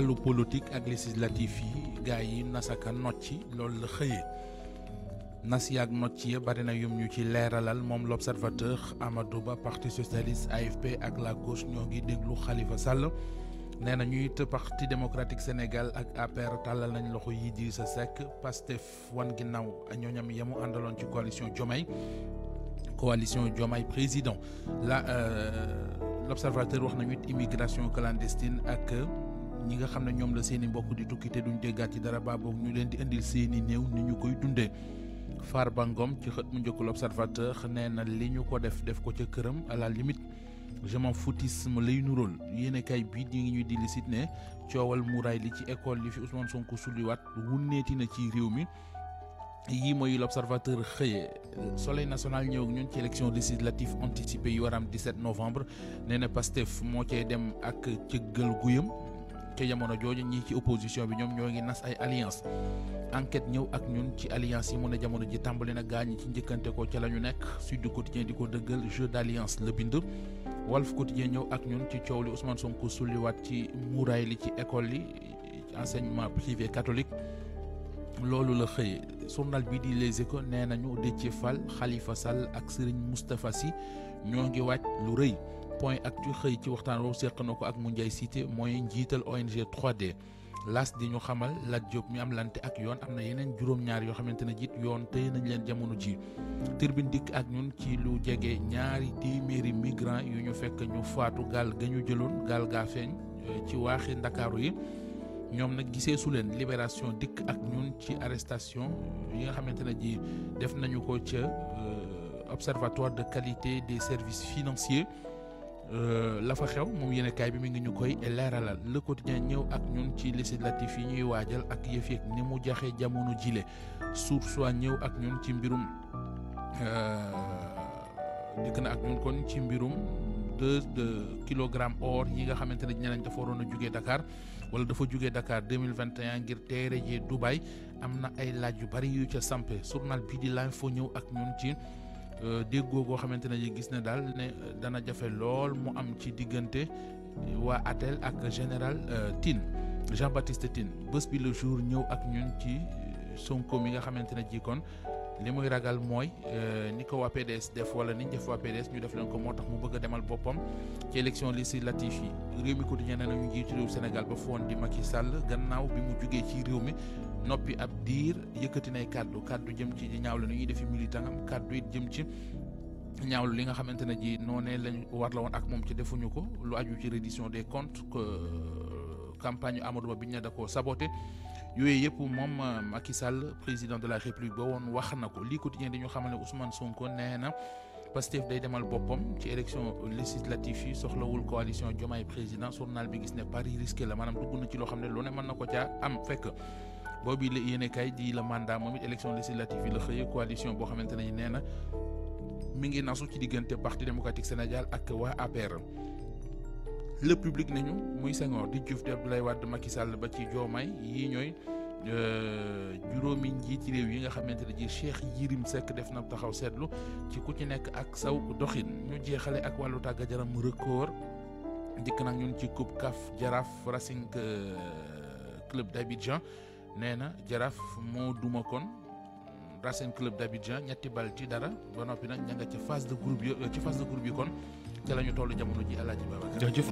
wàllu politique ak législatif yi gars yi nasaka nocci loolu la xëyee nas yaag nocci ya bari na yum ñu ci leeralal moom l'observateur Amadou Ba parti socialiste AFP ak la gauche ñoo ngi déglu Khalifa Sall nee na ñu it parti démocratique Sénégal ak APR tàllal nañ loxo yi di sa Seck Pastef wan ginnaaw ñooñam yamu àndaloon ci coalition jomay coalition Diomaye président euh, l'observateur wax nañu it immigration clandestine ak. ñi nga xam ne ñoom la seeni mbokk di tukki te duñ déggaat ci dara baaboog ñu leen di indil seeni i néew ni ñu koy dundee Farba Ngom ci xët mu njëkk l'Observateur nee na li ñu ko def def ko ca këram à la limite je m'en foutisme lay nuróol yéen kay bii di ngi ñuy di lisit ne coowal muraay li ci école li fi Ousmane Sonko sulliwaat wunneeti na ci réew mi yii mooy l'observateur xëyee soleil national ñëw ak ñun ci élection législative anticipée yu waram 17 novembre nee na Pastef moo cay dem ak cëggal guyam te jamono jooju ñii ci opposition bi ñoom ñoo ngi nas ay alliance enquête ñëw ak ñun ci alliance yi mu ne jamono ji tàmbali na gaañ ci njëkkante ko ca la ñu nekk Sud Quotidien di ko dëggal jeu d'alliance la bind Walf Quotidien ñëw ak ñun ci coow li Ousmane Sonko sulliwaat ci muuraay li ci école yi enseignement privé catholique loolu la xëyee journal bi di Les Échos nee nañu Déthié Fall xalifa Sall ak Serigne Moustapha si ñoo ngi wàcc lu rëy point ak ci xëy ci waxtaan woowu seq na ko ak Moundiaye Cissé mooy njiital ONG 3D las di ñu xamal Lat Diop mi am lante ak yoon am na yeneen juróom-ñaar yoo xamante ne jiit yoon tey nañ leen jamono ji turbine dikk ak ñun ci lu jege ñaari téeméeri migrants yu ñu fekk ñu faatu gaal ga ñu jëloon gaal gaa feeñ eh, ci waaxi Ndakaaru yi ñoom nag gisee su leen libération dikk ak ñun ci arrestation yi nga xamante ne ji def nañu ko ca euh, observatoire de qualité des services financiers euh, la fa xew moom yéenekaay bi mi ngi ñu koy leeralal le quotidien ñëw ak ñun ci législatif yi ñuy waajal ak yëf yeeg ni mu jaxe jamono jile suuf soit ñëw ak ñun ci mbirum euh, dikk na ak ñun kon ci mbirum. deux kilogrammes or yi nga xamante ne ñeneen dafa waroon a jugee Dakar wala dafa jugee Dakar deux mille vingt et un ngir teere jee Dubaay am na ay laaj yu bari yu ca sampe journal bii di l'info ñëw ak ñun ci euh, déggoo goo xamante ne gis na daal ne euh, dana jafe lool mu am ci diggante waa ATEL ak général euh, Tine Jean Baptiste Tine bés bi le jour ñëw ak ñun ci Sonko yi nga xamante ne ji kon li muy ragal mooy euh, ni ko waa PDS def wala ni ñu def waa ñu def leen ko moo tax mu bëgg a demal boppam ci élection législative yi réew mi quotidien nee nañu njiitu réew Sénégal ba foon di Macky sàll gannaaw bi mu jugee ci réew mi noppi ab diir yëkkati nay kàddu kàddu jëm ci ñaaw la nu ñuy defi militant am kàddu it jëm ci ñaawlu li nga xamante ne ji noonee lañ war la woon ak moom ci defuñu ko lu aju ci reddition des comptes que euh, campagne bi Ba biñ ne yooyu yëpp moom euh, Macky Sall président de la république ba woon wax na ko lii quotidien dañu xamal ne Ousmane Sonko nee na Pastef day demal boppam ci élection législative yi soxlawul coalition Diomaye président journal bi gis ne pari risqué la maanaam dugg na ci loo xam ne lu mën na ko caa am fekk boobu la yéene kay di la mandat moom it élection législative yi la xëyee coalition boo xamante ne nee na mi ngi nasu ci diggante parti démocratique Sénégal ak waa le public nañu muy Senghor di Diouf di Abdoulaye Wade Macky Sall ba ci Diomaye yii ñooy euh, juróomi njiiti réew yi nga xamante ne ji Cheikh Yirim Seck def na taxaw seetlu ci ku ci nekk ak saw doxin ñu jeexale ak wàllu tàggat yaram record dikk nag ñun ci coupe CAF Jaraaf Racing euh, Club d'Abidjan nee na Jaraaf moo duma kon Racing Club d'Abidjan ñetti bal ci dara ba noppi nag ña nga ca phase de groupe yi euh, ci phase de groupe yi kon ca la ñu toll jamono ji Alaaji Babacar